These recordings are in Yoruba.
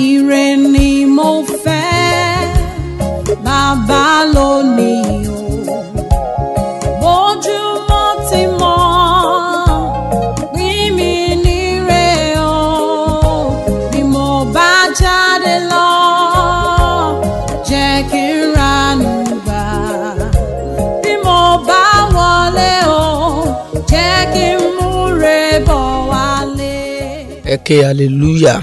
ire ni mo fẹ́ bàbá lónìí o bójúmọ́ ti mọ́ pín mi níre o bí mo bá jáde lọ jẹ́ kí n ranú gbà bí mo bá wọlé o jẹ́ kí n múre bọ̀ wálé. ẹ ké hallelujah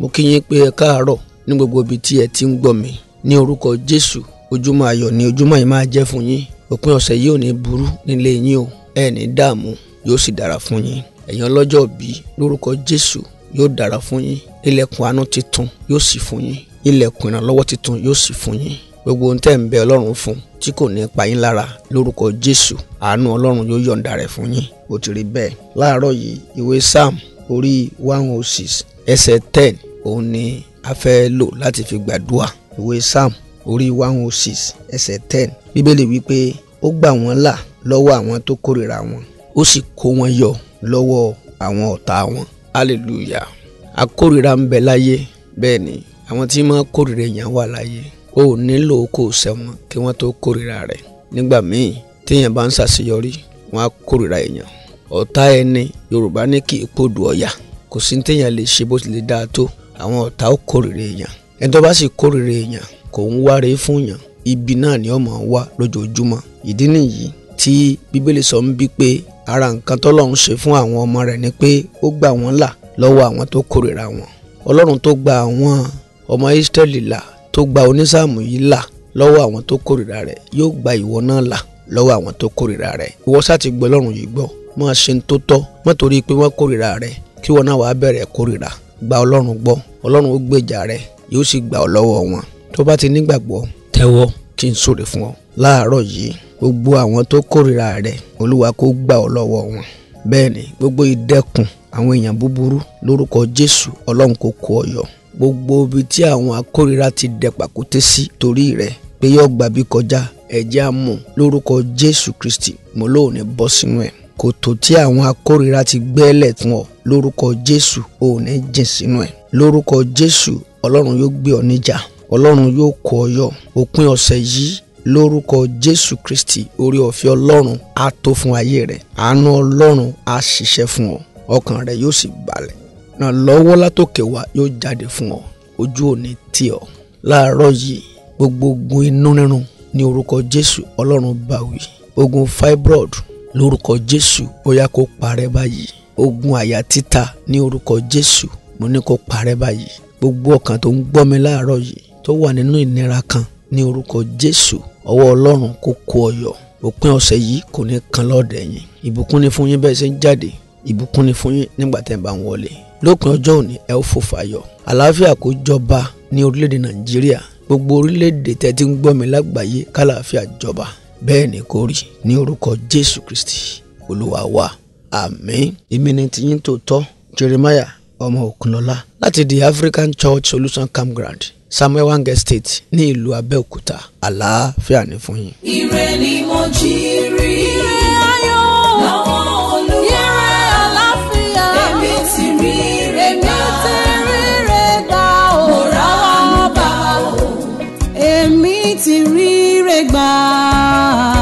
mo kí yín pé ẹ káàárọ̀ ní gbogbo ibi tí ẹ ti ń gbọ́ mi ní orúkọ jésù ojúmọ́ ayọ̀ ni ojúmọ́ yìí máa jẹ́ fún yín òpin ọ̀sẹ̀ yìí ò ní burú nílé yín o ẹ ní dààmú yóò sì dára fún yín ẹ̀yin ọlọ́jọ́ bí lórúkọ jésù yóò dára fún yín ilẹ̀kùn àánú titun yóò sì fún yín ilẹ̀kùn ìrànlọ́wọ́ titun yóò sì fún yín gbogbo ohun tẹ́ ń bẹ ọlọ́run fún tí kò ní pa yín lára lórúkọ jésù àánú ọlọ́run yóò yọ̀ǹda rẹ̀ fún yín ó ti rí bẹ́ẹ̀ láàárọ̀ yìí ìwé psalm orí one oh six ẹsẹ̀ ten òun ni a fẹ́ lò láti fi gbàdúrà ìwé psalm orí one oh six ẹsẹ̀ ten bíbélì wípé ó gbà wọ́n là lọ́wọ́ àwọn tó kórìíra wọn ó sì kó wọn yọ lọ́wọ́ àwọn ọ̀tá wọn hallelujah akórìíra ń bẹ láyé bẹ́ẹ̀ ni àwọn tí máa kórìíra èèyàn wà láyé o ò nílò kó o sẹ́wọ̀n kí wọ́n tó kórìíra rẹ̀ nígbà míì téèyàn bá ń ṣàṣeyọrí wọ́n á kórìíra èèyàn ọ̀tá ẹni yorùbá ní kì í pòdù ọ̀yà kò sí téèyàn lè ṣe bó tilẹ̀ dáa tó àwọn ọ̀tá ó kórìíre èèyàn ẹni tó bá sì kórìíre èèyàn kò ń wáre fún yàn ibi náà ni ọmọ wa lójoojúmọ́ ìdí nìyí tí bíbélì sọ ń bí pé ara nǹkan tọ́lọ́run ṣe fún àwọn ọmọ rẹ̀ ni pé ó gbà wọ́n là lọ́wọ́ àwọn tó kórìíra wọn ọlọ́run tó gba àwọn ọmọ Ísírẹ́lì là tó gba onísáàmù yìí là lọ́wọ́ àwọn tó kórìíra rẹ̀ yóò gba ìwọ náà là lọ́wọ́ àwọn tó kórìíra rẹ̀ ìwọ sá ti gbọ́ ọlọ́run yìí gbọ́ máa ṣe ń tó tọ́ mọ́ pé wọ́n kórìíra rẹ̀ kí wọn náà wàá bẹ̀rẹ̀ kórìíra gba ọlọ́run gbọ́ ọlọ́run ó gbèjà rẹ yóò sì gbà ọ lọ́wọ́ wọn tó bá ti nígbàgbọ́ tẹ́wọ́ kí n súre fún ọ láàárọ̀ yìí gbogbo àwọn tó kórìíra rẹ olúwa kó gbà ọ lọ́wọ́ wọn bẹ́ẹ̀ ni gbogbo ìdẹ́kun àwọn èèyàn búburú lórúkọ jésù ọlọ́run kò kó ọ yọ gbogbo ibi tí àwọn akórira ti dẹ pàkúté sí torí rẹ pé yóò gbàbí kọjá ẹ̀jẹ̀ àmọ́ lórúkọ jésù kristi mo lóò ní bọ́ sínú ẹ̀ kòtò tí àwọn akórira ti gbẹ́lẹ̀ fún ọ lórúkọ jésù ò ní jìn sínú ẹ̀ lórúkọ jésù ọlọ́run yóò gbé ọ níjà ọlọ́run yóò kó ọ yọ òpin ọ̀sẹ̀ yìí lórúkọ jésù kristi orí ọ̀fẹ́ ọlọ́run á tó fún ayé rẹ àánú ọlọ́run á ṣiṣẹ́ fún ọ ọkàn rẹ yóò sì balẹ̀ ràn lọ́wọ́ látòkè wá yóò jáde fún ọ ojú ò ní tì ọ láàárọ̀ yìí gbogbo ogun inú rírun ní orúkọ jésù ọlọ́run bá wí ogun fibroid lórúkọ Jésù ó yá kó parẹ́ báyìí ogun àyà títa ní orúkọ Jésù mo ní kó parẹ́ báyìí gbogbo ọkàn tó ń gbọ́ mi láàárọ̀ yìí tó wà nínú ìnira kan ní orúkọ Jésù ọwọ́ Ọlọ́run kó kó ọyọ̀ òpin ọ̀sẹ̀ yìí kò ní kan lọ́ọ̀dẹ̀ yín ìbùkún ni fún yín bẹ́ẹ̀ ṣe ń jáde ìbùkún ni fún yín nígbà tẹ́ ẹ bá ń wọlé lópin ọjọ́ òní ẹ ó fò fàyọ̀ àlàáfíà kó jọba ní orílẹ̀-èdè Nàìjíríà gbogbo orílẹ̀-èdè tẹ́ ti ń gbọ́ mi lágbàáyé kálàáfíà jọba bẹ́ẹ̀ ni kó rí ní orúkọ jésù kristi olúwa wa àmín èmi ni tiyín tó tọ́ jeremiah ọmọ òkunlọ́lá láti the african church solution campground samuel wange state ní ìlú abẹ́òkúta àlàáfíà ní fún yín. ire ni mo jí rí. èmi ti ríre gbà.